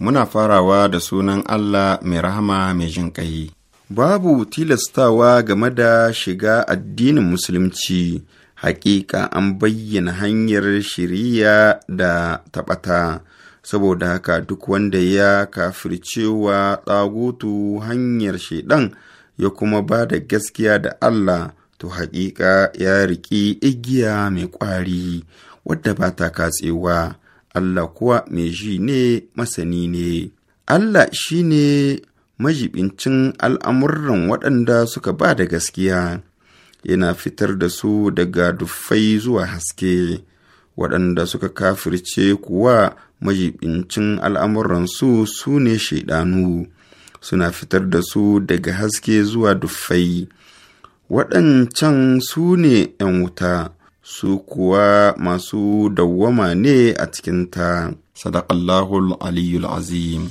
Muna farawa da sunan Allah mai rahama mai jin Babu tilastawa game da shiga addinin Musulunci. hakika an bayyana hanyar shiriya da taɓata saboda haka duk wanda ya kafircewa tsagutu hanyar shaidan ya kuma ba da gaskiya da Allah to hakika ya riƙi igiya mai ƙwari wadda ba ta katsewa Allah kuwa mai ji ne masani ne Allah shi ne majibincin al'amuran waɗanda suka ba da gaskiya yana fitar da su daga duffai zuwa haske waɗanda suka kafirce kuwa majibincin al'amuransu su ne shaidanu suna fitar da su daga haske zuwa duffai waɗancan su ne ‘yan wuta su kuwa masu dawwama ne a cikinta sadaƙallahul aliyul azim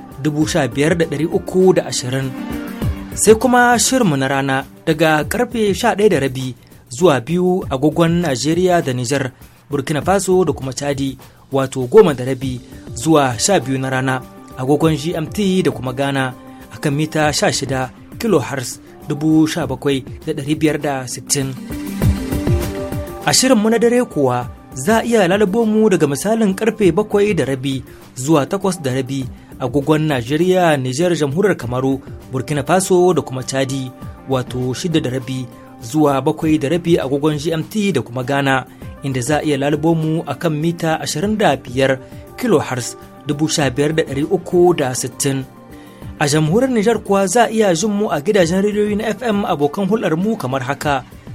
ashirin sai kuma shirinmu na rana daga karfe rabi zuwa biyu agogon Najeriya da Nijar Burkina Faso da kuma Chadi wato goma da rabi zuwa sha biyu na rana agogon GMT da kuma Ghana akan mita shida kHz dubu a bakwai da na dare kuwa za a iya lalabo mu daga misalin karfe bakwai da rabi zuwa takwas da rabi agogon Najeriya, Nijar, Jamhuriyar Kamaru, Burkina Faso da kuma Chadi, wato shida da rabi zuwa bakwai da rabi agogon GMT da kuma Ghana, inda za a iya lalabo mu a kan mita 25 kHz 15,360. A jamhuriyar Nijar kuwa za a iya jin mu a gidajen rediyoyi na FM abokan hular mu kamar haka.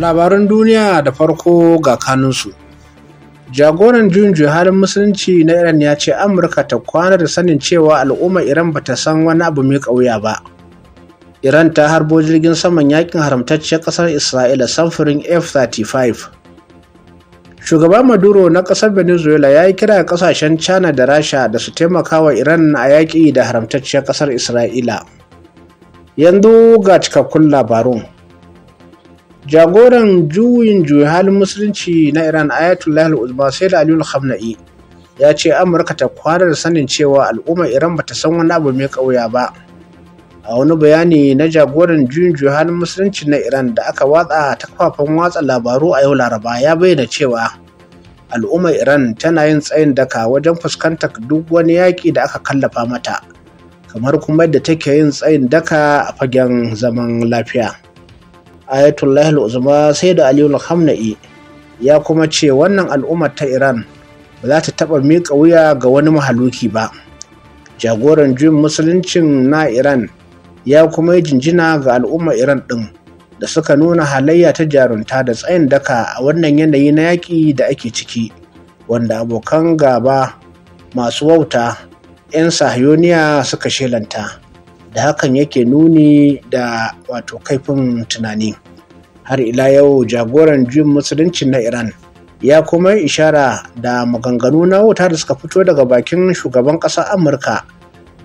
labaran duniya da farko ga kanunsu jagoran juyin halin musulunci na iran ya ce amurka ta kwana da sanin cewa al'ummar iran ba ta san wani abu mai ƙauya ba iran ta harbo jirgin saman yakin haramtacciyar ƙasar isra'ila samfurin f-35 shugaba maduro na ƙasar venezuela ya yi kira ƙasashen china da rasha da su taimaka wa iran a yaƙi da haramtacciyar ƙasar isra'ila yanzu ga cikakkun labarun jagoran juyin juyin halin musulunci na iran ayatollah al sai da aliyu khamna'i ya ce amurka ta kwana da sanin cewa al'ummar iran bata san wani abu mai kauya ba a wani bayani na jagoran juyin juyin halin musulunci na iran da aka watsa ta kafafen watsa labaru a yau laraba ya bayyana cewa al'ummar iran tana yin tsayin daka wajen fuskantar duk wani yaƙi da aka kallafa mata kamar kuma yadda take yin tsayin daka a fagen zaman lafiya. ayatollah uzma sai da aliyu hamna'i ya kuma ce wannan al'ummar ta iran ba za ta taɓa miƙa wuya ga wani mahaluki ba jagoran juyin musuluncin na iran ya kuma yi jinjina ga al'ummar iran ɗin da suka nuna halayya ta jarunta da tsayin daka a wannan yanayi na yaƙi da ake ciki wanda abokan gaba masu wauta 'yan sahiyoniya suka shelanta da hakan yake nuni da wato kaifin tunani har ila yau jagoran juyin musulunci na iran ya kuma ishara da maganganu na wuta da suka fito daga bakin shugaban ƙasar amurka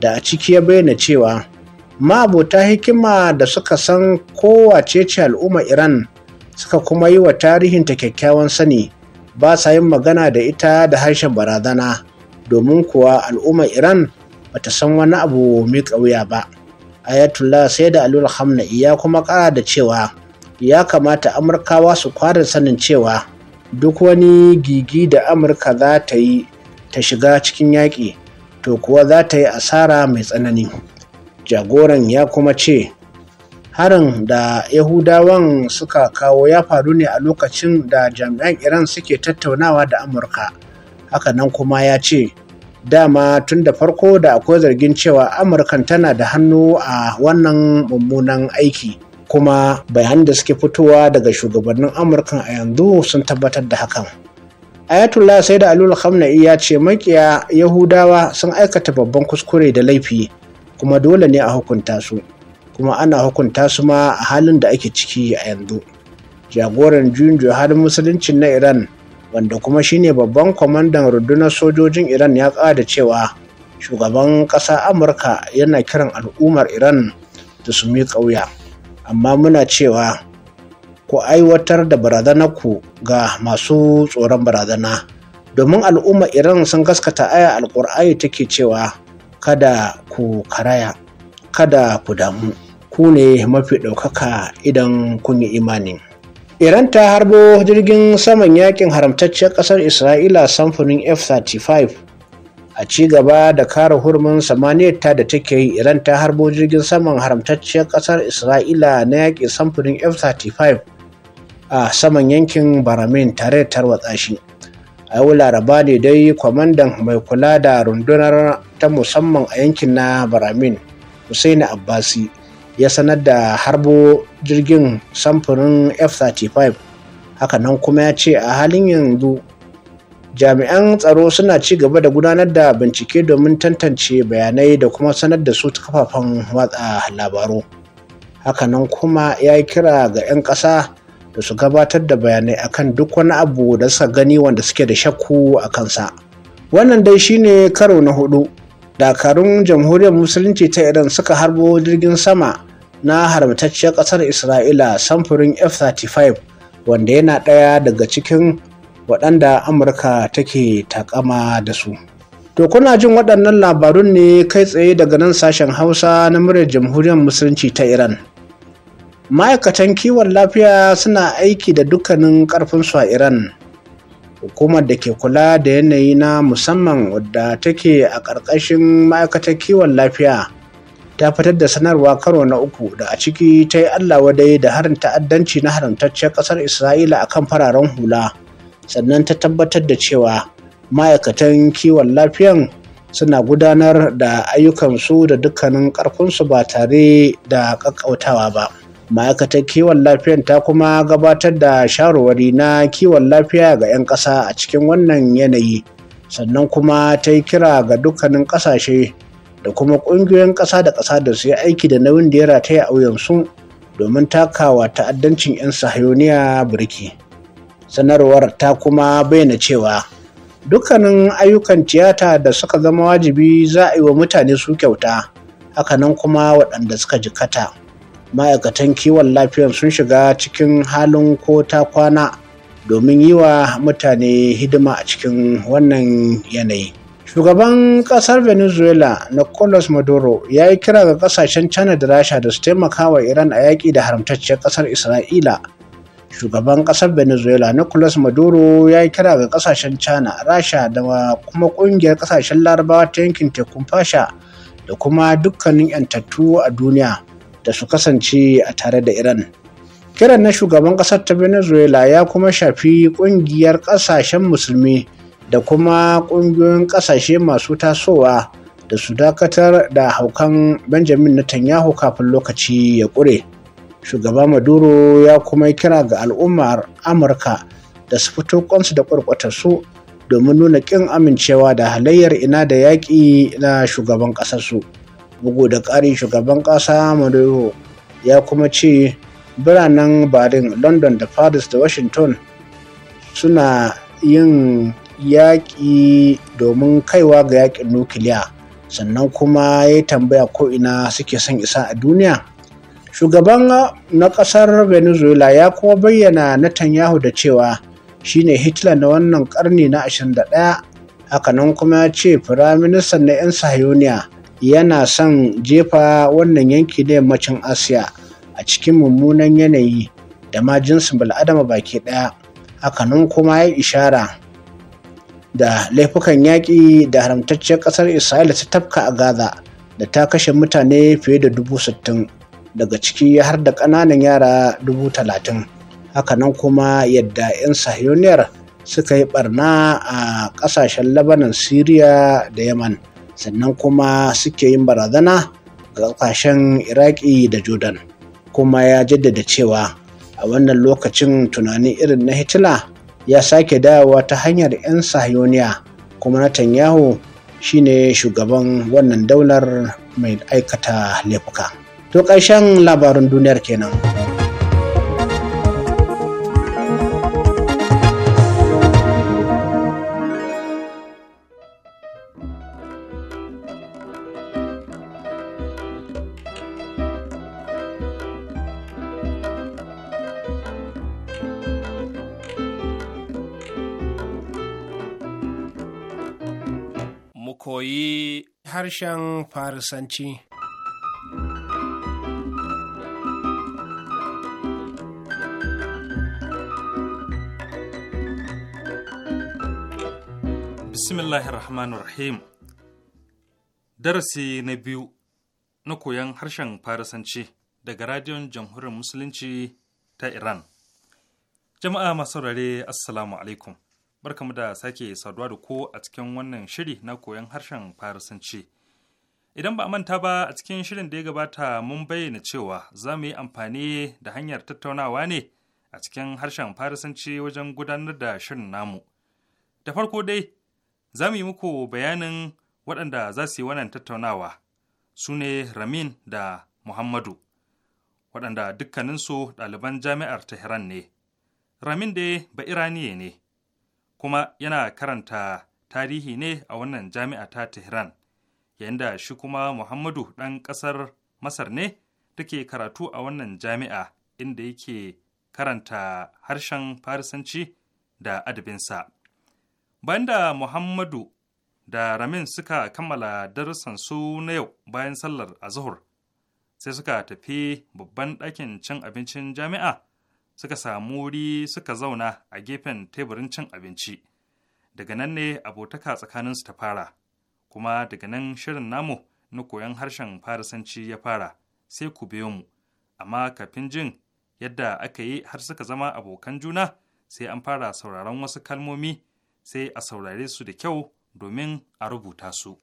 da a ciki ya bayyana cewa ma'abota hikima da suka san kowace ce al'umma iran suka kuma yi wa tarihin ta kyakkyawan sani ba sa yin magana da ita da harshen barazana domin kuwa al'umma iran bata san wani abu mai ƙauya ba ayatollah sai da alul hamna'i ya kuma kara da cewa ya kamata amurkawa su kwada sanin cewa duk wani gigi da amurka za ta yi ta shiga cikin yaƙi to kuwa za ta yi asara mai tsanani jagoran ya kuma ce harin da yahudawan suka kawo ya faru ne a lokacin da jami'an iran suke tattaunawa da amurka nan kuma ya ce dama tun da farko da akwai zargin cewa amurkan tana da hannu a wannan mummunan aiki kuma bayanan da suke fitowa daga shugabannin amurkan a yanzu sun tabbatar da hakan ayatollah sai da alul khamna'i ya ce makiya yahudawa sun aikata babban kuskure da laifi kuma dole ne a hukunta su kuma ana hukunta su ma a halin da ake ciki a yanzu jagoran juyin halin musuluncin na iran wanda kuma shine babban kwamandan rundunar sojojin iran ya da cewa shugaban ƙasa amurka yana kiran al'ummar iran da su mi ƙauya amma muna cewa ku aiwatar da barazanar ku ga masu tsoron barazana domin al'ummar iran sun gaskata aya alƙur'ani take cewa kada ku karaya kada ku damu ku ne mafi ɗaukaka idan kun yi imani. iran ta harbo jirgin saman yakin haramtacciyar ƙasar isra'ila samfunin f-35 a ci gaba da kare hurmin samaniyarta da take yi iran ta harbo jirgin saman haramtacciyar ƙasar isra'ila na yaƙi samfunin f-35 a saman yankin baramin tare da tarwatsa shi a yau laraba ne dai kwamandan mai kula da rundunar ta musamman a yankin na baramin Hussaini abbasi ya sanar da harbo jirgin samfurin f-35 hakanan kuma ya ce a halin yanzu jami'an tsaro suna ci gaba da gudanar da bincike domin tantance bayanai da kuma sanar da su ta kafafen watsa labaru hakanan kuma ya yi kira ga 'yan ƙasa da su gabatar da bayanai akan duk wani abu da suka gani wanda suke da shakku a kansa wannan dai shine karo na hudu dakarun jamhuriyar musulunci ta iran suka harbo jirgin sama na haramtacciyar ƙasar isra'ila samfurin f-35 wanda yana ɗaya daga cikin waɗanda amurka take takama da su to kuna jin waɗannan labarun ne kai tsaye daga nan sashen hausa na muryar jamhuriyar musulunci ta iran ma'aikatan kiwon lafiya suna aiki da dukkanin ƙarfinsu a iran hukumar da ke kula da yanayi na musamman wadda take a ƙarƙashin ma'aikatar kiwon lafiya ta fitar da sanarwa karo na uku da a ciki ta yi allah wadai da harin ta'addanci na haramtacciyar ƙasar isra'ila a kan fararen hula sannan ta tabbatar da cewa ma'aikatan kiwon lafiyan suna gudanar da ayyukansu da dukkanin ƙarfinsu ba tare da ƙaƙƙautawa ba. ma'aikatar kiwon lafiyar ta kuma gabatar da shawarwari na kiwon lafiya ga 'yan ƙasa a cikin wannan yanayi sannan kuma ta yi kira ga dukkanin ƙasashe da kuma ƙungiyoyin ƙasa da ƙasa da su yi aiki da nauyin da ya rataya a su domin takawa ta'addancin 'yan sahayoniya birki sanarwar ta kuma bayyana cewa dukkanin ayyukan tiyata da suka zama wajibi za a yi wa mutane su kyauta hakanan kuma waɗanda suka jikata. ma'aikatan kiwon lafiyar sun shiga cikin halin ko ta kwana domin yi wa mutane hidima a cikin wannan yanayi shugaban kasar venezuela na nicolas maduro ya yi kira ga kasashen china da rasha da su taimaka wa iran a yaƙi da haramtacciyar kasar isra'ila shugaban kasar venezuela na nicolas maduro ya yi kira ga kasashen china rasha da kuma kungiyar kasashen larabawa ta yankin tekun fasha da kuma dukkanin yantattu a duniya da su kasance a tare da iran kiran na shugaban kasar ta venezuela ya kuma shafi kungiyar kasashen musulmi da kuma kungiyoyin kasashe masu tasowa da su dakatar da haukan benjamin netanyahu kafin lokaci ya ƙure shugaba maduro ya kuma kira ga al'ummar amurka da su fito kwansu da su domin nuna ƙin amincewa da halayyar ina da yaƙi na shugaban ƙasarsu. su bugu da ƙari shugaban ƙasa maduro ya kuma ce biranen berlin london da paris da washington suna yin yaƙi domin kaiwa ga yaƙin nukiliya sannan kuma ya tambaya ko ina suke son isa a duniya shugaban na ƙasar venezuela ya kuma bayyana netanyahu da cewa shi ne hitler na wannan ƙarni na 21 hakanan kuma ya ce firaministan na 'yan sahiyoniya yana son jefa wannan yanki na yammacin asiya a cikin mummunan yanayi da ma jinsin bil'adama baki ɗaya hakanan kuma ya ishara da laifukan yaƙi da haramtacciyar ƙasar isra'ila ta tafka a gaza da ta kashe mutane fiye da dubu sittin daga ciki har da ƙananan yara dubu talatin hakanan kuma yadda 'yan sahiyoniyar suka yi ɓarna a ƙasashen labanan siriya da yaman sannan kuma suke yin barazana ga ƙasashen iraki da jordan kuma ya jaddada cewa a wannan lokacin tunanin irin na hitler ya sake dawowa ta hanyar 'yan sahiyoniya kuma netanyahu shine shugaban wannan daular mai aikata laifuka to ƙarshen labarin duniyar kenan. harshen Farisanci. Bismillahirrahmanirrahim. Darasi na biyu na koyon harshen Farisanci daga Radiyon Jamhuriyar Musulunci ta Iran. Jama'a masu rare Assalamu alaikum. Barkamu da sake saduwa da ku a cikin wannan shiri na koyon harshen Farisanci. Idan ba a manta ba a cikin shirin da ya gabata mun bayyana cewa za mu yi amfani da hanyar tattaunawa ne a cikin harshen Farisanci wajen gudanar da shirin namu. Da farko dai, za mu yi muku bayanin waɗanda za su yi wannan tattaunawa su ne Ramin da Muhammadu, waɗanda dukkaninsu ɗaliban jami'ar Tehran ne. Ramin dai ba Iraniye ne, kuma yana karanta tarihi ne a wannan jami'a ta Tehran. Yanda shi kuma Muhammadu ɗan ƙasar Masar ne take karatu a wannan jami'a inda yake karanta harshen Farisanci da adabinsa. Bayan da Muhammadu da Ramin suka kammala darussansu na yau bayan sallar a zuhur, sai suka tafi babban ɗakin cin abincin jami'a suka samu wuri suka zauna a gefen teburin cin abinci. Daga nan ne abotaka tsakaninsu ta fara. kuma daga nan shirin namu na koyon harshen farisanci ya fara sai ku biyo mu amma kafin jin yadda aka yi har suka zama abokan juna sai an fara sauraron wasu kalmomi sai a saurare su da kyau domin a rubuta su.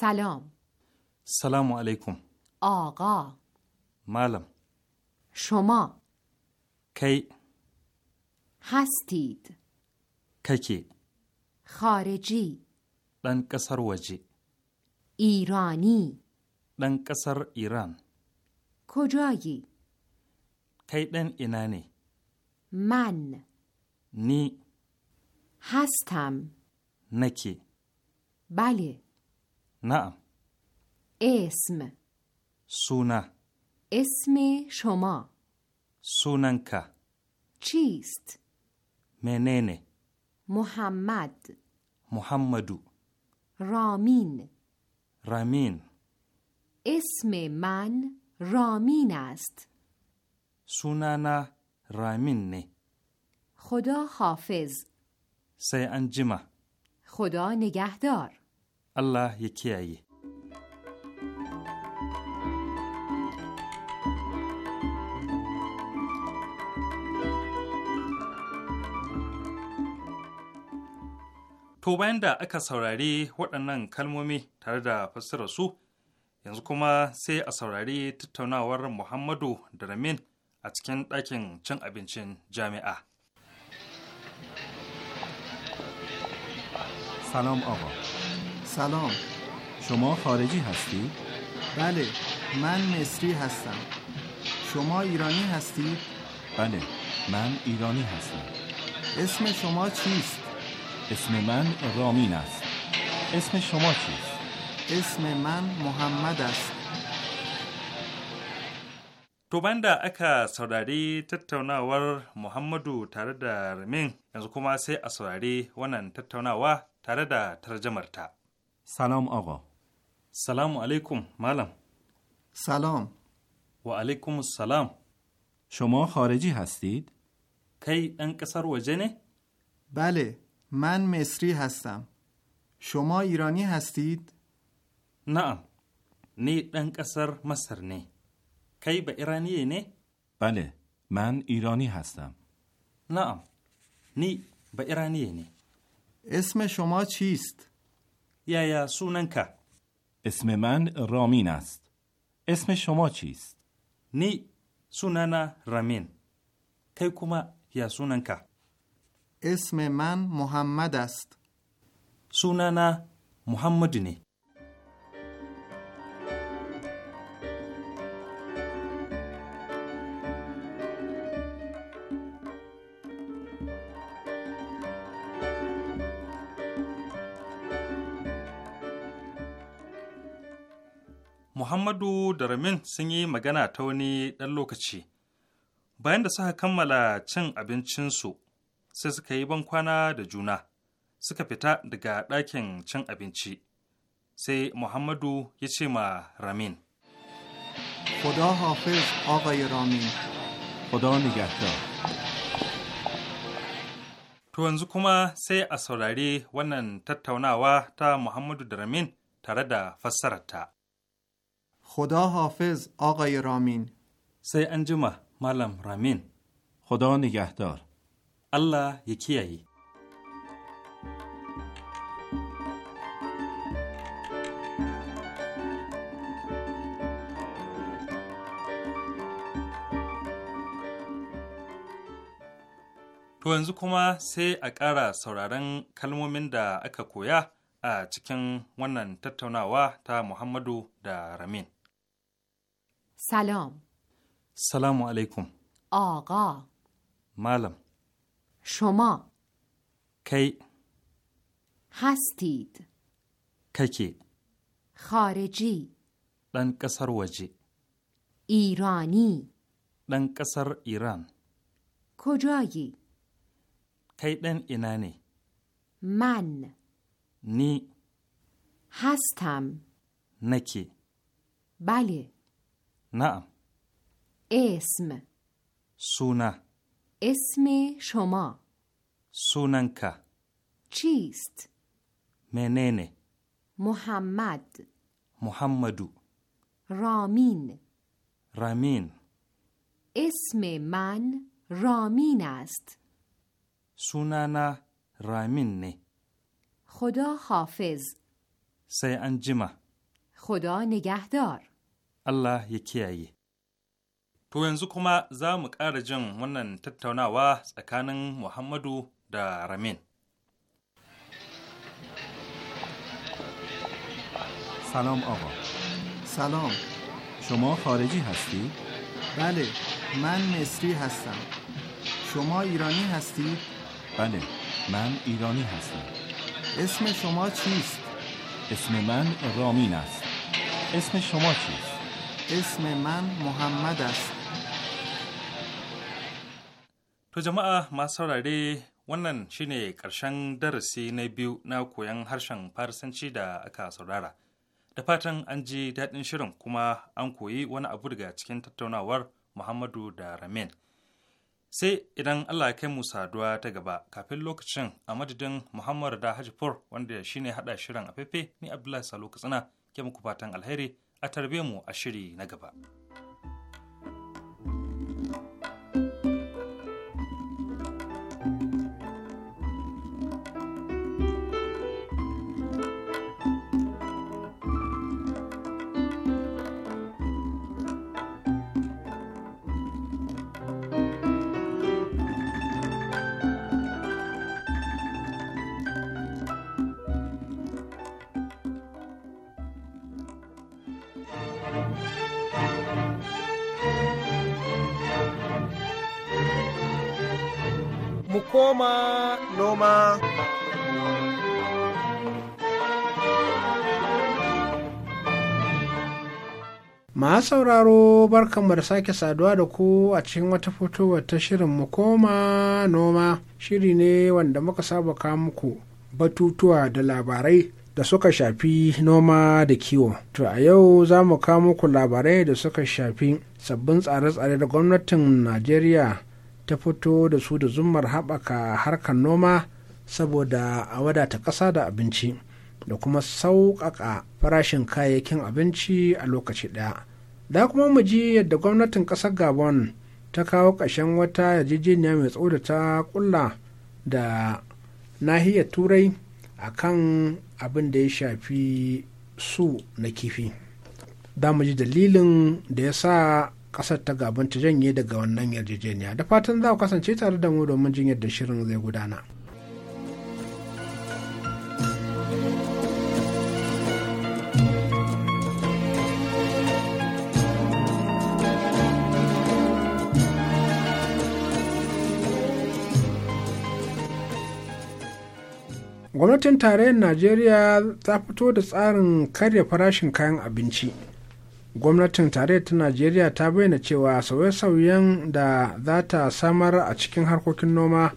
سلام سلام علیکم آقا معلم شما کی هستید کی خارجی دن وجی ایرانی دن ایران کجایی کی دن اینانی من نی هستم نکی بله نعم اسم سونا اسم شما سوننکا چیست؟ مننه محمد محمدو رامین رامین اسم من رامین است سونانا رامین نه خدا حافظ سی انجمه خدا نگهدار Allah ya kiyaye. To bayan da aka saurari waɗannan kalmomi tare da fassara su, yanzu kuma sai a saurari tattaunawar Muhammadu da Ramin a cikin ɗakin cin abincin jami'a. Salam Abba. سلام شما خارجی هستی؟ بله من مصری هستم شما ایرانی هستی؟ بله من ایرانی هستم اسم شما چیست؟ اسم من رامین است اسم شما چیست؟ اسم من محمد است تو banda aka saurari tattaunawar محمدو tare da Ramin yanzu kuma sai a saurari wannan tattaunawa tare da سلام آقا سلام علیکم مالم سلام و علیکم السلام شما خارجی هستید؟ کی انکسر وجه نه؟ بله من مصری هستم شما ایرانی هستید؟ نه نی انکسر مصر نه کی به ایرانی نه؟ بله من ایرانی هستم نه نی به ایرانی نه اسم شما چیست؟ یا سوننکا اسم من رامین است اسم شما چیست؟ نی سونانا رامین تیکوما یا سوننکا اسم من محمد است سونانا محمد نی Muhammadu da Ramin sun yi magana ta wani ɗan lokaci. Bayan da suka kammala cin abincinsu, sai suka yi bankwana da juna, suka fita daga ɗakin cin abinci. Sai Muhammadu ya ce ma Ramin. خدا حافظ آقای رامین خدا نگهدار To yanzu kuma sai a saurari wannan tattaunawa ta Muhammadu da Ramin tare da fassararta. خدا حافظ آقای رامین سی انجمه مالم رامین خدا نگهدار الله یکی To yanzu kuma sai a ƙara sauraron kalmomin da aka koya a cikin wannan tattaunawa ta Muhammadu da Ramin. سلام سلام علیکم آقا معلم شما کی هستید ککی خارجی دن کسر وجی ایرانی دن کسر ایران کجایی کی دن اینانی من نی هستم نکی بله نعم اسم سونا اسم شما سوننکا چیست؟ مننه محمد محمدو رامین رامین اسم من رامین است سونانا رامین نه خدا حافظ سی انجمه خدا نگهدار Allah ya kiyaye. To yanzu kuma za mu ƙara jin wannan tattaunawa tsakanin Muhammadu سلام آقا سلام شما خارجی هستی؟ بله من مصری هستم شما ایرانی هستی؟ بله من ایرانی هستم اسم شما چیست؟ اسم من رامین است اسم شما چیست؟ اسم من محمد است To jama'a masu saurare wannan shine karshen darasi na biyu na koyon harshen Farisanci da aka saurara. Da fatan an ji daɗin shirin kuma an koyi wani abu daga cikin tattaunawar Muhammadu da Ramin. Sai idan Allah ya kai mu saduwa ta gaba kafin lokacin a madadin Muhammadu da Hajifur wanda shine haɗa shirin a ni Abdullahi Salo Katsina ke muku fatan alheri a tarbe mu a shiri na gaba. mu koma noma. Ma sauraro barkanmu da sake saduwa da ku a cikin wata fitowa ta shirin mu koma noma shiri ne wanda muka saba kamuku muku batutuwa da labarai da suka shafi noma da kiwo. To a yau za mu kawo muku labarai da suka shafi sabbin tsare-tsare da gwamnatin Najeriya ta fito da su da zummar haɓaka harkar noma saboda a wadata ƙasa da abinci da kuma sauƙaƙa farashin kayayyakin abinci a lokaci ɗaya da kuma mu ji yadda gwamnatin ƙasar gabon ta kawo ƙarshen wata yarjejeniya mai tsoro da ta ƙulla da nahiyar turai a kan abin da ya shafi su na kifi da mu ji dalilin da ya sa kasar ta gaban ta janye daga wannan yarjejeniya da fatan za ku kasance tare da mu domin jin yadda shirin zai gudana. gwamnatin tarayyar najeriya ta fito da tsarin karya farashin kayan abinci gwamnatin tarayyar ta najeriya ta bayyana cewa sauye-sauyen da za ta samar a cikin harkokin noma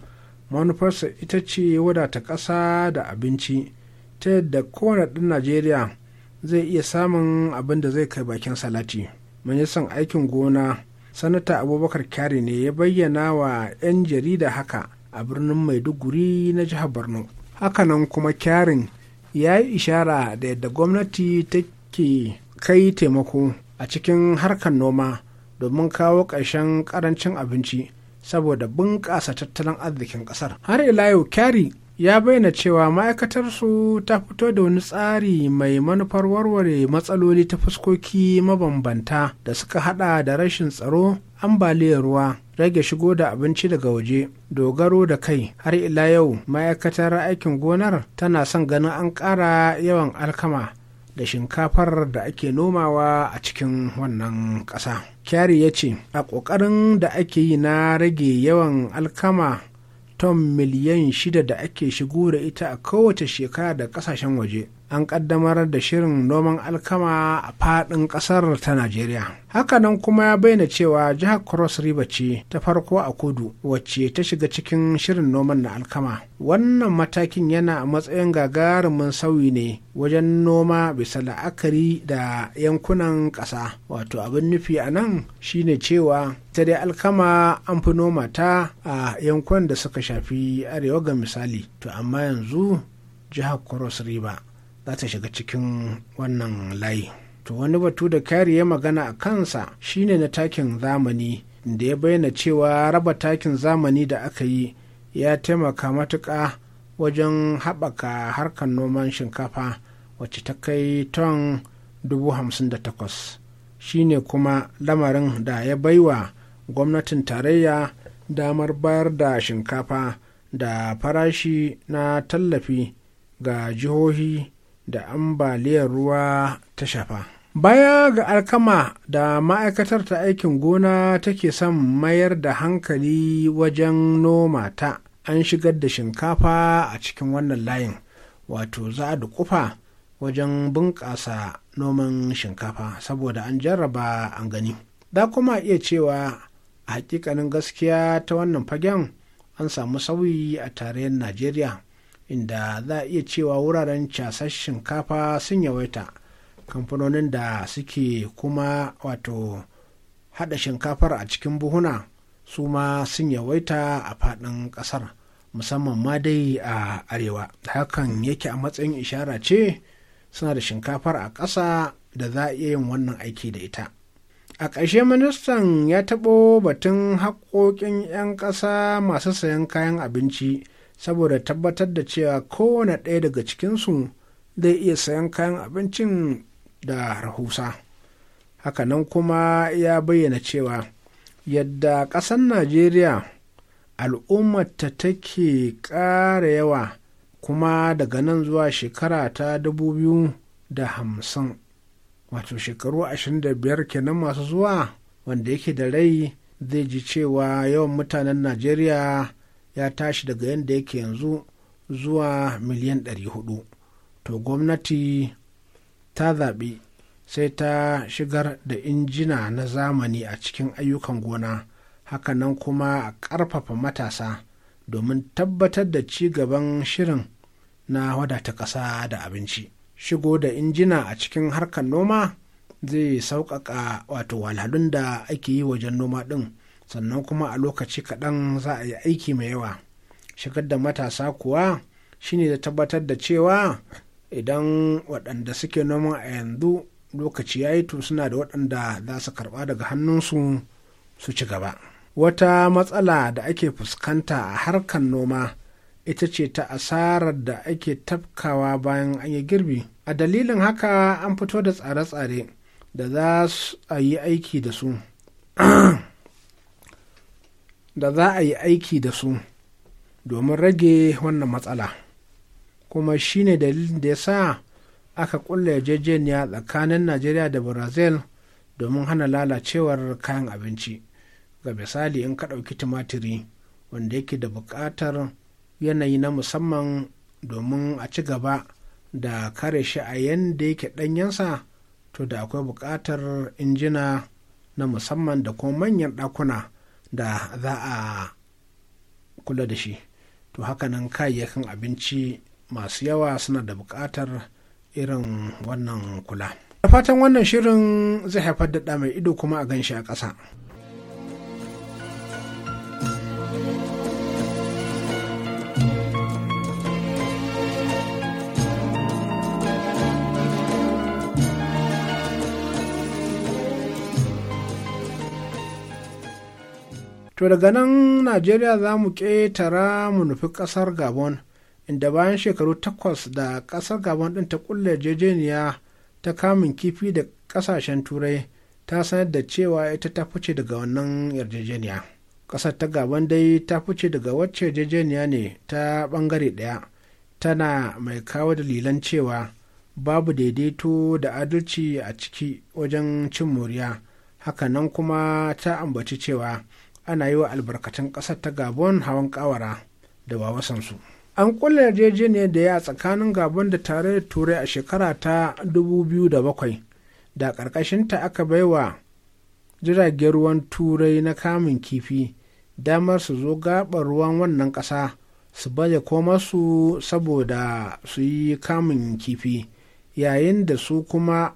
manufarsa ita ce wadata ƙasa da abinci ta yadda kowane ɗan najeriya zai iya samun abin da zai kai bakin salati ministan aikin gona sanata abubakar kyari ne ya bayyana wa 'yan jarida haka a birnin maiduguri na jihar borno hakanan kuma kyarin ya yi ishara da yadda gwamnati take kai taimako a cikin harkar noma domin kawo ƙarshen ƙarancin abinci saboda bunƙasa tattalin arzikin ƙasar. Har ila yau kyari ya bayyana cewa ma'aikatar su ta fito da wani tsari mai manufar warware matsaloli ta fuskoki mabambanta da suka hada da rashin tsaro ambaliyar ruwa rage shigo da abinci daga waje dogaro da kai har ila yau ma'aikatar aikin gonar tana son ganin an ƙara yawan alkama da shinkafar da ake nomawa a cikin wannan ƙasa. kyari ya ce a ƙoƙarin da ake yi na rage yawan alkama ton miliyan shida da ake shigo da ita a kowace shekara da ƙasashen waje an kaddamar da shirin noman alkama a fadin kasar ta najeriya hakanan kuma ya bayyana cewa jihar cross river ce ta farko a kudu wacce ta shiga cikin shirin noman na alkama wannan matakin yana a matsayin gagarumin sauyi ne wajen noma bisa la'akari da yankunan ƙasa wato abin nufi a nan shine cewa ta dai alkama an fi noma ta a yankunan da suka shafi arewa ga misali to amma yanzu jihar cross river za ta shiga cikin wannan layi to wani batu da kari ya magana a kansa shine na takin zamani da ya bayyana cewa raba takin zamani da aka yi ya taimaka matuƙa wajen haɓaka harkar noman shinkafa wacce ta kai ton Shi ne kuma lamarin da ya baiwa gwamnatin tarayya damar bayar da shinkafa da farashi na tallafi ga jihohi da ambaliyar ruwa ta shafa baya ga alkama da ma'aikatar ta aikin gona take son mayar da hankali wajen noma ta an shigar da shinkafa a cikin wannan layin wato za a kufa wajen bunƙasa noman shinkafa saboda an jarraba an gani da kuma iya cewa a hakikanin gaskiya ta wannan fagen an samu sauyi a tarayyar najeriya inda za a iya cewa wuraren casar shinkafa sun yawaita kamfanonin da suke kuma wato hada shinkafar a cikin buhuna su ma sun yawaita a faɗin ƙasar musamman ma dai a arewa hakan yake a matsayin ishara ce suna da shinkafar a ƙasa da za a iya yin wannan aiki da ita a ƙarshe ministan ya taɓo batun haƙoƙin 'yan ƙasa masu sayan kayan abinci saboda tabbatar da cewa kowane ɗaya daga cikinsu zai iya sayan kayan abincin da rahusa hakanan kuma ya bayyana cewa yadda ƙasar najeriya al'ummarta take ƙara yawa kuma daga nan zuwa shekara ta da hamsin wato shekaru 25 kenan masu zuwa wanda yake da rai zai ji cewa yawan mutanen najeriya ya tashi daga yadda yake yanzu zuwa miliyan 400 to gwamnati ta zaɓi sai ta shigar da injina na zamani a cikin ayyukan gona hakanan kuma a ƙarfafa matasa domin tabbatar da ci gaban shirin na wadata ƙasa da abinci shigo da injina a cikin harkar noma zai sauƙaƙa wato walhalun da ake yi wajen noma ɗin sannan kuma a lokaci kaɗan za a yi aiki mai yawa shigar da matasa kuwa shine da tabbatar da cewa idan waɗanda suke noma a yanzu lokaci ya yi to suna da waɗanda za su karɓa daga hannunsu su ci gaba wata matsala da ake fuskanta a harkar noma ita ce ta asarar da ake tafkawa bayan an yi girbi a dalilin haka an fito da tsare-tsare da za su yi aiki da su da za a yi aiki da su domin rage wannan matsala kuma shine dalilin da ya sa aka kulle yarjejeniya tsakanin najeriya da brazil domin hana lalacewar kayan abinci ga misali in ka ɗauki tumatiri wanda yake da buƙatar yanayi na musamman domin a ci gaba da kare shi a yadda yake ɗanyensa to da akwai buƙatar injina na musamman da kuma manyan ɗakuna da za a kula da shi to hakanan kayayyakin abinci masu yawa suna da bukatar irin wannan kula da fatan wannan shirin zai haifar da mai ido kuma a ganshi a ƙasa to daga nan najeriya za mu ƙetara mu nufi ƙasar gabon inda bayan shekaru takwas da ƙasar gabon ɗin ta ƙulla yarjejeniya ta kamun kifi da ƙasashen turai ta sanar da cewa ita ta fice daga wannan yarjejeniya ƙasar ta gabon dai ta fice daga wacce yarjejeniya ne ta ɓangare ɗaya tana mai kawo dalilan cewa babu daidaito da adalci a ciki wajen cin moriya hakanan kuma ta ambaci cewa ana yi wa albarkatun ƙasar ta gabon hawan kawara da wawasansu an kulle yarjejeniyar da ya tsakanin gabon da tare da turai a shekara ta 2007 da ƙarƙashinta aka baiwa jiragen ruwan turai na kamun kifi damar su zo gabar ruwan wannan ƙasa su baje komarsu saboda su yi kamun kifi yayin da su kuma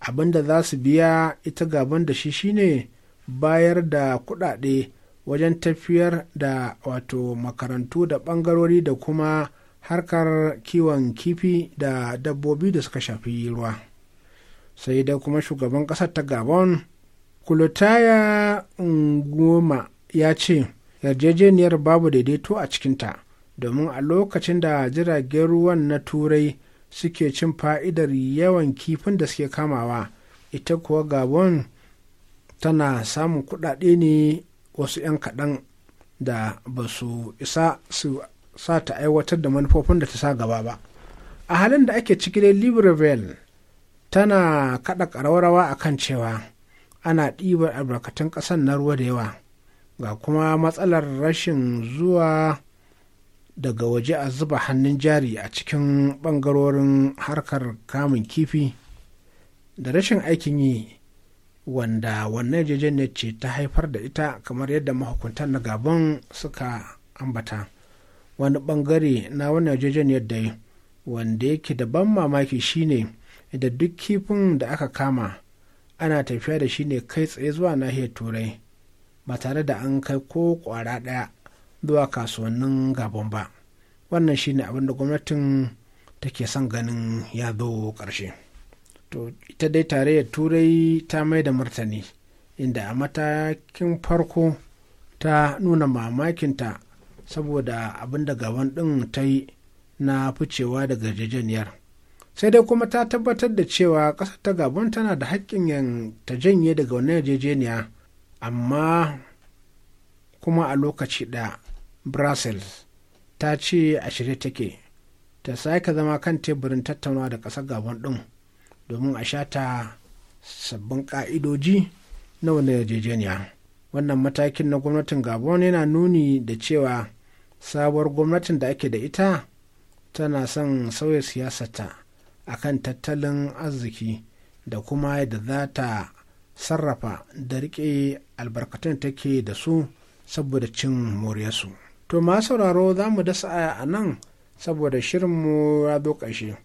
abin da za su biya ita gaban da shi shine bayar da kuɗaɗe wajen tafiyar da wato makarantu da ɓangarori da kuma harkar kiwon kifi da dabbobi da suka shafi ruwa sai da kuma shugaban ƙasar ta gabon kulutaya ngoma ya ce yarjejeniyar babu daidaito a cikinta domin a lokacin da jiragen ruwan na turai suke cin fa'idar yawan kifin da suke kamawa ita kuwa gabon tana samun kuɗaɗe ne wasu 'yan kaɗan da ba su isa su sa ta aiwatar da manufofin da ta sa gaba ba a halin da ake ciki dai libreville tana kaɗa ƙararrawa a kan cewa ana ɗibar albarkatun ƙasan na ruwa da yawa ga kuma matsalar rashin zuwa daga waje a zuba hannun jari a cikin ɓangarorin harkar kamun kifi da rashin aikin yi wanda wannan yarjejeniyar ce ta haifar da ita kamar yadda mahukuntan na gabon suka ambata wani bangare na wannan yarjejeniyar yi wanda yake da ban mamaki shine da duk kifin da aka kama ana tafiya da shi ne kai tsaye zuwa nahiyar turai ba tare da an kai ko kwara daya zuwa kasuwannin gabon ba wannan shine abin da gwamnatin take son ganin ya zo karshe. to ita dai tarayyar turai ta mai da martani inda a matakin farko ta nuna mamakinta saboda abin da gaban ɗin ta yi na ficewa daga jajeniyar sai dai kuma ta tabbatar da cewa ƙasar ta gaban tana da haƙƙin ta janye daga wani yarjejeniya amma kuma a lokaci da brussels ta ce a shirye take ta sake zama kan teburin tattaunawa da ƙasar gabon ɗin domin a shata sabbin ka'idoji na wanda yarjejeniya wannan matakin na gwamnatin gabon yana nuni da cewa sabuwar gwamnatin da ake da ita tana son sauya siyasata a kan tattalin arziki da kuma yadda za ta sarrafa da riƙe albarkatun take da su saboda cin moriyarsu. To ma sauraro za mu dasa a nan saboda shirinmu ya zo ƙarshe.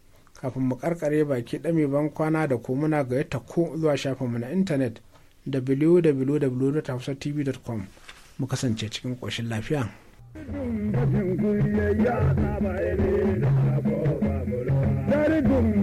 kafin mu karkare baki dame ban kwana da ko muna gayyata ko zuwa shafin mu na intanet www.hausatv.com mu kasance cikin koshin lafiya. Dari dum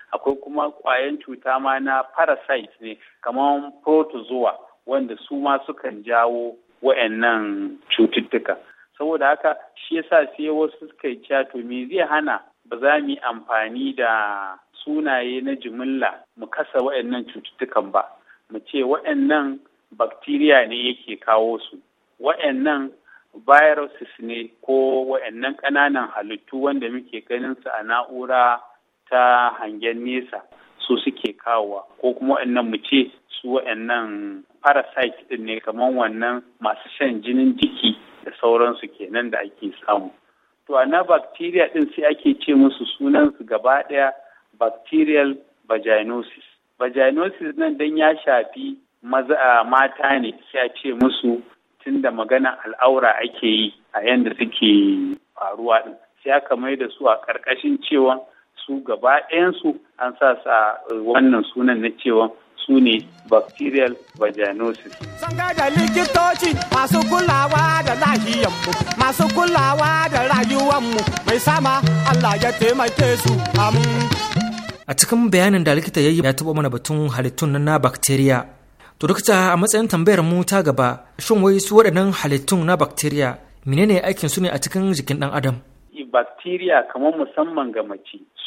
akwai kuma ƙwayan cuta ma na parasite ne kamar protozoa wanda su ma sukan jawo wa'annan cututtuka saboda haka shi sa sai wasu suka yi to me zai hana ba za mu yi amfani da sunaye na jimilla mu kasa wa'annan cututtukan ba mu ce wa'annan bakteriya ne yake kawo su wa'annan viruses ne ko wa'annan ƙananan halittu wanda muke ganin su a na'ura ta hangen nesa su suke kawowa ko kuma wa'annan mu ce su wa'annan parasite din ne kamar wannan masu shan jinin jiki da sauransu kenan da ake samu to na bacteria din sai ake ce musu sunansu gaba ɗaya bacterial vaginosis vaginosis nan dan ya shafi maza mata ne sai a ce musu tunda magana al'aura ake yi a yanda suke faruwa din sai aka mai da su a ƙarƙashin cewa su gaba ɗayansu an sa sa eh, wannan sunan na cewa su ne bacterial vaginosis. Sun da likitoci masu kulawa da lahiyanmu, masu kulawa da rayuwanmu mai sama Allah ya taimake su A cikin bayanin da likita yayi ya taɓa mana batun halittun na bacteria. To dokta a matsayin tambayar mu ta gaba, shin wai su waɗannan halittun na bacteria menene aikin su ne a cikin jikin ɗan adam? Bacteria kamar musamman ga mace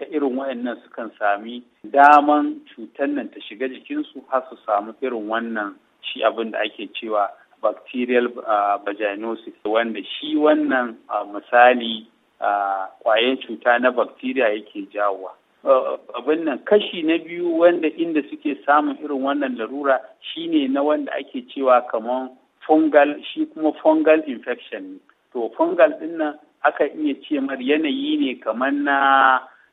ta irin wayannan sukan sami daman cutar nan ta shiga jikinsu har su samu irin wannan shi abin da ake cewa bacterial vaginosis wanda shi wannan misali kwayan cuta na bacteria yake jawowa abin nan kashi na biyu wanda inda suke samun irin wannan larura shine na wanda ake cewa kamar fungal shi kuma fungal infection to fungal din nan aka iya ce mar yanayi ne kamar na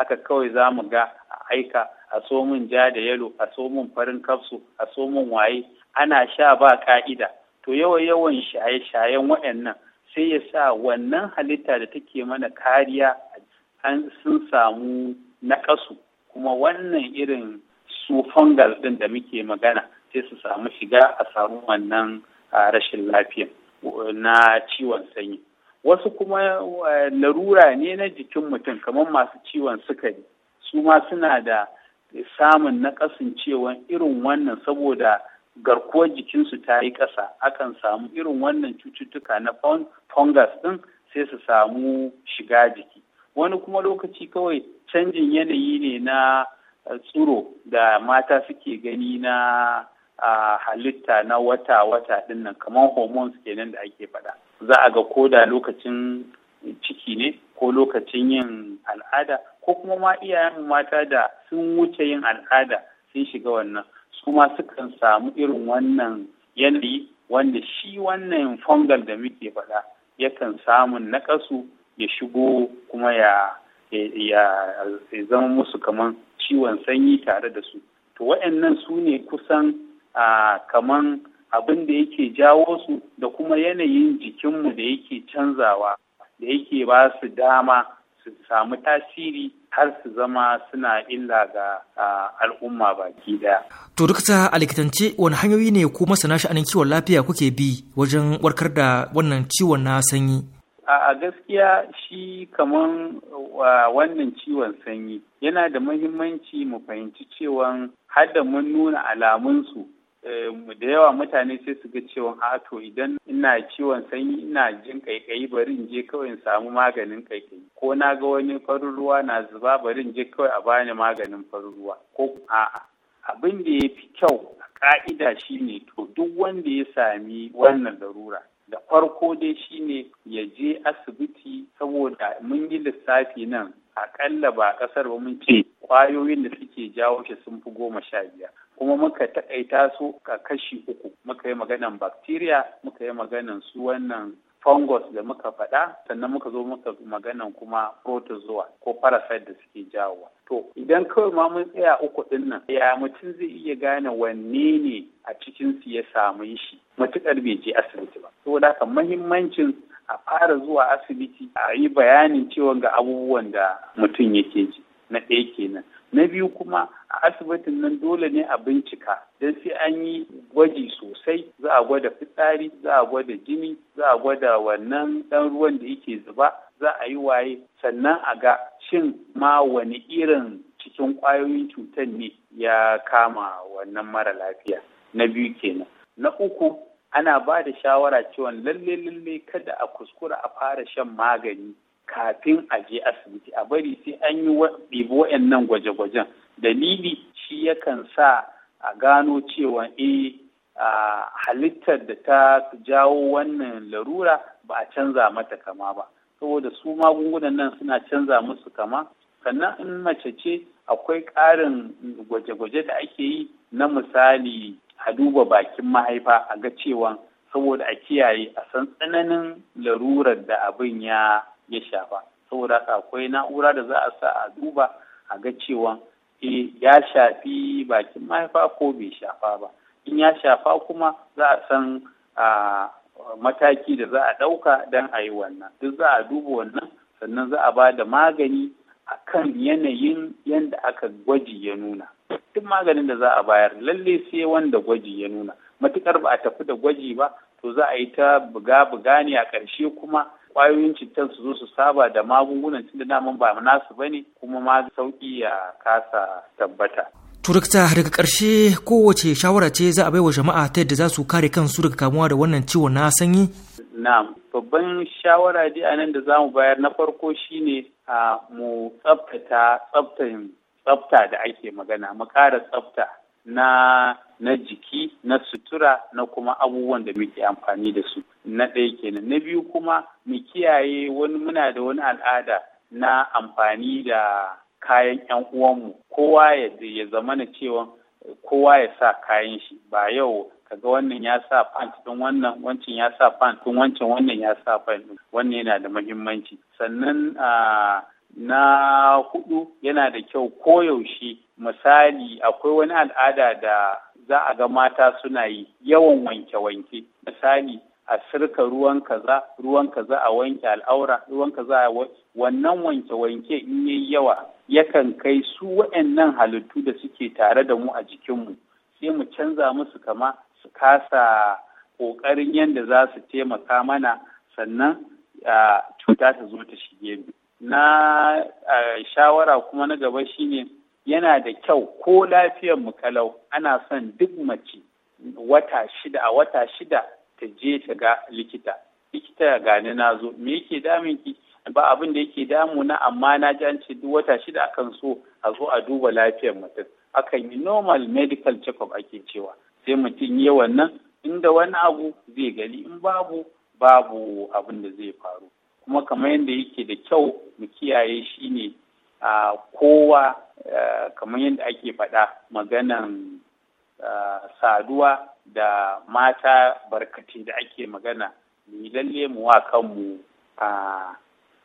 haka kawai za mu ga a aika a so ja da yalo a so farin kafsu a so waye ana sha ba ka'ida to yawan yawan shaye-shayen waɗannan sai ya sa wannan halitta da take mana kariya an sun samu naƙasu kuma wannan irin su fungal ɗin da muke magana sai su samu shiga a samu wannan rashin lafiya na ciwon sanyi. wasu kuma eh, larura ne na jikin mutum kamar masu ciwon sukari su ma suna da samun na kasancewan irin wannan saboda garkuwar jikinsu ta yi ƙasa akan samu irin wannan cututtuka na fungus ɗin sai su samu shiga jiki wani kuma lokaci kawai canjin yanayi ne na eh, tsuro da mata suke gani na ah, halitta na wata-wata ɗinnan kamar hormones kenan da ake faɗa. za a ga ko da lokacin ciki ne ko lokacin yin al'ada ko kuma ma iyayen mata da sun wuce yin al'ada sun shiga wannan su ma sukan samu irin wannan yanayi wanda shi wannan fungal da muke faɗa yakan samun naƙasu ya shigo kuma ya zama musu kaman ciwon sanyi tare da su to waɗannan su ne kusan kaman abin da yake jawo su da kuma yanayin jikinmu da yake canzawa da yake ba su dama su samu tasiri har su zama suna illa ga al'umma baki daya. To duk ta a likitance wani hanyoyi ne ko masana sha'anin kiwon lafiya kuke bi wajen warkar da wannan ciwon na sanyi? A gaskiya shi kaman wannan ciwon sanyi yana da mahimmanci mu fahimci cewa har da mun nuna alamunsu Eh, da yawa mutane sai su ga ciwon ato idan ina ciwon sanyi ina jin kaikayi bari in je kawai in samu maganin kaikayi ko na ga wani farin ruwa na zuba bari in je kawai a bani maganin farin ruwa ko a'a abin da ya fi kyau a ka'ida shine to duk wanda ya sami wannan larura da farko dai ne ya je asibiti saboda mun yi lissafi nan akalla ba ƙasar ba mun ce kwayoyin da suke jawo shi sun fi goma sha biyar kuma muka taƙaita su ka kashi uku muka yi maganan bacteria muka yi maganan su wannan fungus da muka faɗa sannan muka zo muka maganan kuma protozoa ko parasite da suke jawowa to idan kawai ma mun tsaya uku ɗin nan ya mutum zai iya gane wanne ne a cikinsu ya samu shi matuƙar bai je asibiti ba saboda haka mahimmancin a fara zuwa asibiti a yi bayanin ciwon ga abubuwan da mutum yake ji na ɗaya kenan na biyu kuma a asibitin nan dole ne a bincika don sai an yi gwaji sosai za a gwada fitsari za a gwada jini za a gwada wannan ɗan ruwan da yake zuba za a yi waye sannan a ga shin ma wani irin cikin ƙwayoyin cutar ne ya kama wannan mara lafiya na biyu kenan na uku ana ba da shawara cewa lalle lalle kada a kuskura a fara shan magani kafin a je asibiti a bari sai an yi ɗibi nan gwaje-gwajen dalili shi yakan sa a gano cewa eh halittar da ta jawo wannan larura ba a canza mata kama ba saboda su magungunan nan suna canza musu kama sannan in mace ce akwai ƙarin gwaje-gwaje da ake yi na misali a duba bakin mahaifa a ga cewa saboda a kiyaye a san tsananin larurar da abin ya ya shafa saboda haka akwai na'ura da za a sa a duba a ga cewa eh, ya shafi bakin mahaifa ko bai shafa ba in ya shafa kuma za a san a mataki da za a ɗauka don a yi wannan duk za a duba wannan sannan za a ba da magani a kan yanayin yadda aka gwaji ya nuna duk maganin da za a bayar lalle sai wanda gwaji ya nuna matukar ba a tafi da gwaji ba to za a yi ta buga-buga ne a ƙarshe kuma kwayoyin cutar su zo su saba da magungunan tunda naman ba nasu ne, kuma ma sauki ya kasa tabbata turukta daga ƙarshe kowace shawara ce za a baiwa jama'a ta yadda za su kare kansu daga kamuwa da wannan ciwon na sanyi Na'am, babban shawara dai a nan da za mu bayar na farko shine a mu tsabtata tsabtan tsabta da ake magana, mu ƙara tsabta na na jiki na sutura na kuma abubuwan da muke amfani da su na ɗaya kenan na biyu kuma mu kiyaye wani muna da wani al'ada na amfani da kayan 'yan uwanmu kowa ya zama na cewa kowa ya sa kayan shi ba yau kaga wannan ya sa pant ɗin wannan wancan ya sa pant ɗin wancan wannan ya sa pant ɗin wannan yana da muhimmanci sannan na hudu yana da kyau koyaushe misali akwai wani al'ada da za a ga mata suna yi yawan wanke-wanke misali a sirka ruwan kaza ruwan kaza a wanke al'aura ruwan kaza a wannan wanke-wanke in yayi yawa yakan kai su waɗannan halittu da suke tare da mu a jikinmu sai mu canza musu kama su kasa ƙoƙarin yadda za su taimaka mana sannan cuta ta zo ta shige mu na shawara kuma na gaba shine yana da kyau ko lafiyar mu kalau ana son duk mace wata shida a wata shida ta je ta ga likita likita gani na zo me yake damun ki ba abin da yake damuna amma na ji an ce duk wata shida akan so a zo a duba lafiyar mutum akan yi normal medical check-up ake cewa sai mutum yi wannan inda wani abu zai gani in babu babu abin da zai faru kuma kamar yadda yake da kyau mu kiyaye shine kowa kamar yadda ake faɗa maganan saduwa da mata barkati da ake magana mu lalle mu wa kanmu a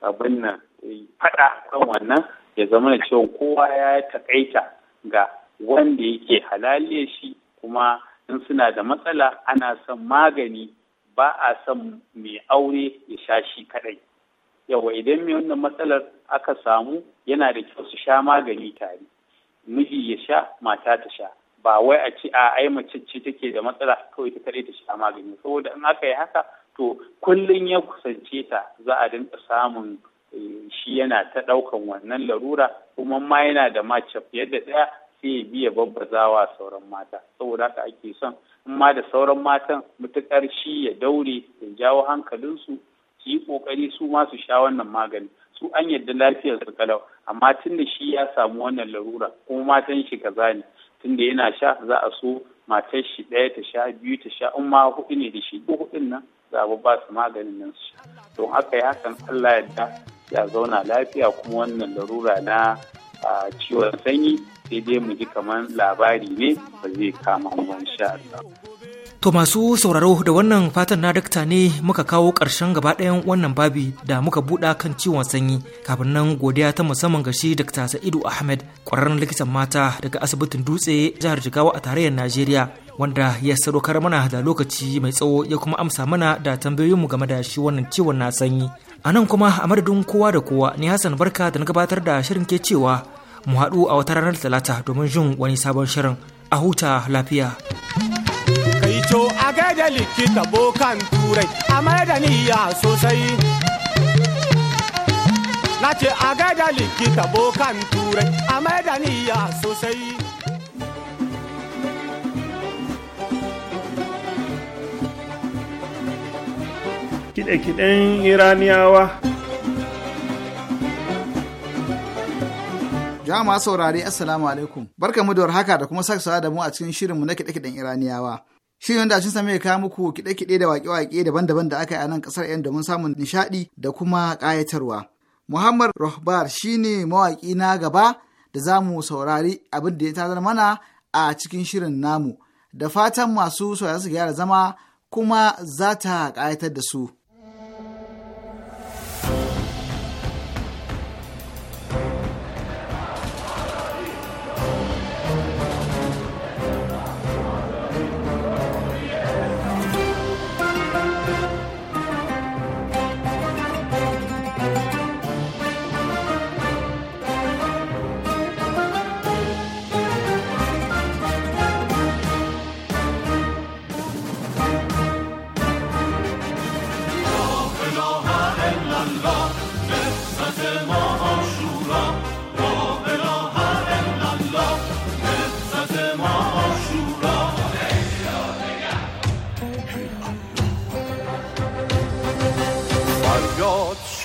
abin nan faɗa kan wannan ya zama da cewa kowa ya taƙaita ga wanda yake halaliya shi kuma in suna da matsala ana son magani ba a son mai aure ya sha shi kaɗai yawa idan mai wannan matsalar aka samu yana da kyau su sha magani tare miji ya sha mata ta sha ba wai a ce a ai mace ce take da matsala kawai ta kaɗai ta sha magani saboda in aka yi haka to kullum ya kusance ta za a dinka samun eh, shi yana ta ɗaukan wannan larura kuma ma yana da mace fiye da ɗaya sai ya biya babbazawa sauran mata saboda haka ake son in da sauran matan mutukar shi ya daure ya jawo hankalinsu su yi kokari su ma su sha wannan magani su an yadda lafiyar su kalau amma tun da shi ya samu wannan larura kuma matan shi kaza ne tunda yana sha za a so matar shi ɗaya ta sha biyu ta sha in ma hudu ne da shi ko hudun nan za a ba su maganin nan su don haka ya hakan Allah yadda ya zauna lafiya kuma wannan larura na ciwon sanyi sai dai mu ji kamar labari ne ba zai kama mu insha Allah To masu sauraro da wannan fatan na dakta ne muka kawo ƙarshen gaba ɗayan wannan babi da muka buɗa kan ciwon sanyi kafin nan godiya ta musamman ga shi dakta Sa'idu Ahmed ƙwararren likitan mata daga asibitin dutse jihar Jigawa a tarayyar Najeriya wanda ya sadaukar mana da lokaci mai tsawo ya kuma amsa mana da tambayoyinmu game da shi wannan ciwon na sanyi. A nan kuma a madadin kowa da kowa ni Hassan Barka da na gabatar da shirin ke cewa mu haɗu a wata ranar Talata domin jin wani sabon shirin a huta lafiya. to a gaida likita bokan turai a da niyya sosai na ce a gaida likita bokan turai a da niyya sosai kiɗe-kiɗen iraniyawa jama'a saurari assalamu alaikum mu da warhaka da kuma sake da mu a cikin shirinmu na kiɗe-kiɗen iraniyawa Shin yadda sun same kawo muku kiɗe-kiɗe da waƙe-waƙe daban-daban da aka yi a nan ƙasar yan domin samun nishaɗi da kuma ƙayatarwa. Muhammad Rohbar ne mawaƙi na gaba da za mu saurari abin da ya tazar mana a cikin shirin namu. Da fatan masu saurari su gyara zama kuma za ta ƙayatar da su.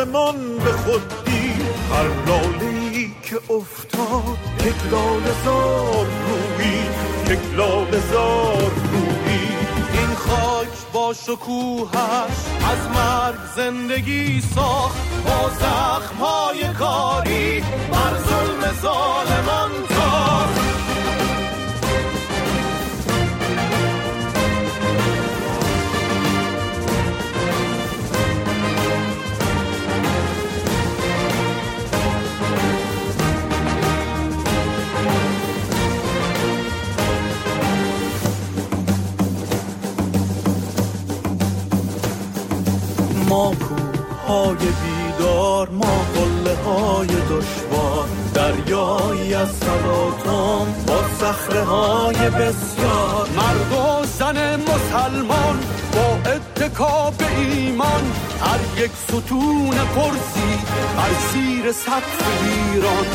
آسمان به خودی دید هر که افتاد یک لاله زار روی یک لاله روی این خاک با شکوهش از مرگ زندگی ساخت با های کاری بر ظلم ظالمان تا ما های بیدار ما قله های دشوار دریایی از سراتان با صخره های بسیار مرد و زن مسلمان با اتکاب ایمان هر یک ستون پرسی بر سیر سطح ایران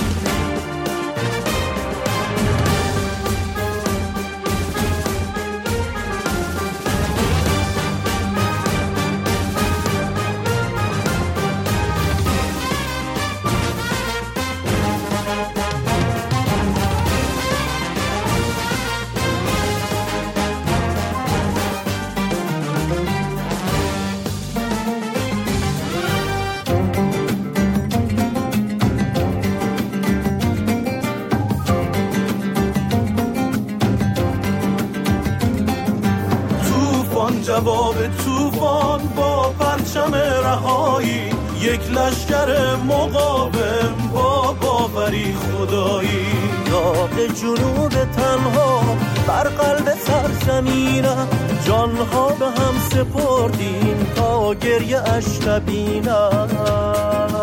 جواب توفان با پرچم رهایی یک لشکر مقاوم با باوری خدایی داغ جنوب تنها بر قلب سرزمینم جانها به هم سپردیم تا گریه اش نبینم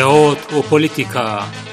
teatro é ou política